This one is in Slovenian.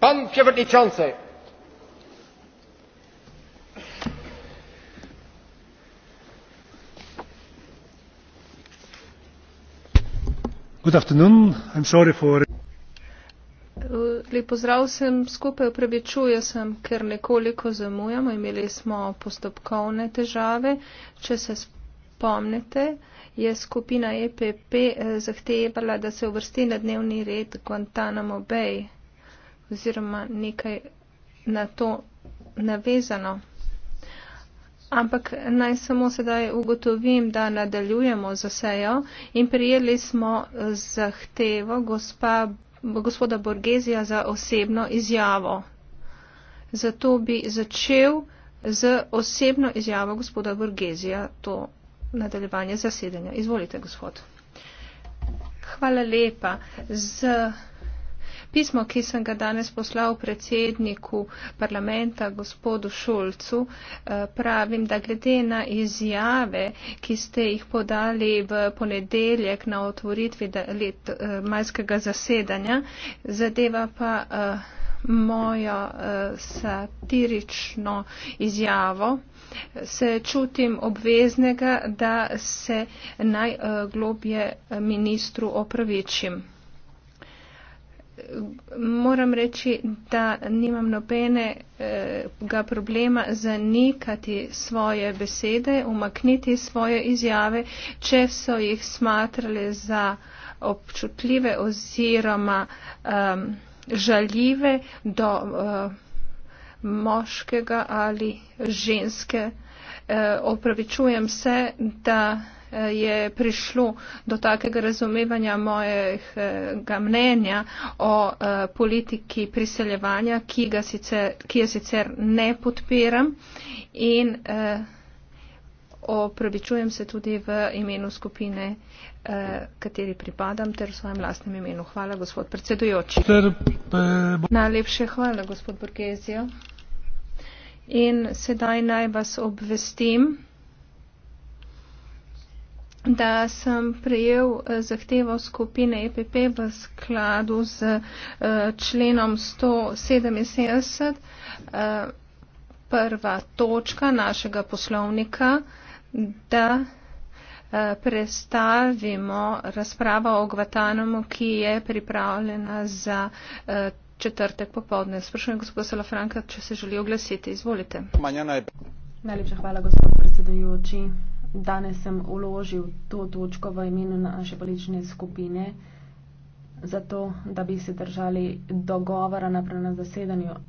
Pan Przewodniczący! Good afternoon. I'm sorry for... Lepo zdrav sem skupaj, oprebečuje sem, ker nekoliko zamujamo. Imeli smo postopkovne težave. Če se spomnite, je skupina EPP eh, zahtevala, da se uvrsti na dnevni red Guantanamo Bay oziroma nekaj na to navezano. Ampak naj samo sedaj ugotovim, da nadaljujemo za sejo in prijeli smo zahtevo gospa, gospoda Borgezija za osebno izjavo. Zato bi začel z osebno izjavo gospoda Borgezija to nadaljevanje zasedanja. Izvolite, gospod. Hvala lepa. Z Pismo, ki sem ga danes poslal predsedniku parlamenta gospodu Šulcu, eh, pravim, da glede na izjave, ki ste jih podali v ponedeljek na otvoritvi let eh, majskega zasedanja, zadeva pa eh, mojo satirično izjavo. Se čutim obveznega, da se najglobje ministru opravičim moram reči, da nimam nobenega eh, problema zanikati svoje besede, umakniti svoje izjave, če so jih smatrali za občutljive oziroma um, žaljive do. Uh, moškega ali ženske. E, opravičujem se, da eh, je prišlo do takega razumevanja mojega mnenja o e, politiki priseljevanja, ki, sicer, ki je sicer ne podpiram in e, opravičujem se tudi v imenu skupine, e, kateri pripadam, ter v svojem lastnem imenu. Hvala, gospod predsedujoči. Najlepše hvala, gospod Borgezijo. In sedaj naj vas obvestim, da sem prejel eh, zahtevo skupine EPP v skladu z eh, členom 177, eh, prva točka našega poslovnika, da prestavimo razpravo o Gvatanomu, ki je pripravljena za četrtek popovdne. Sprašujem gospoda Salafranka, če se želi oglasiti. Izvolite. Najlepša hvala, gospod predsedujoči. Danes sem uložil to točko v imenu naše politične skupine, zato da bi se držali dogovora na prvem zasedanju.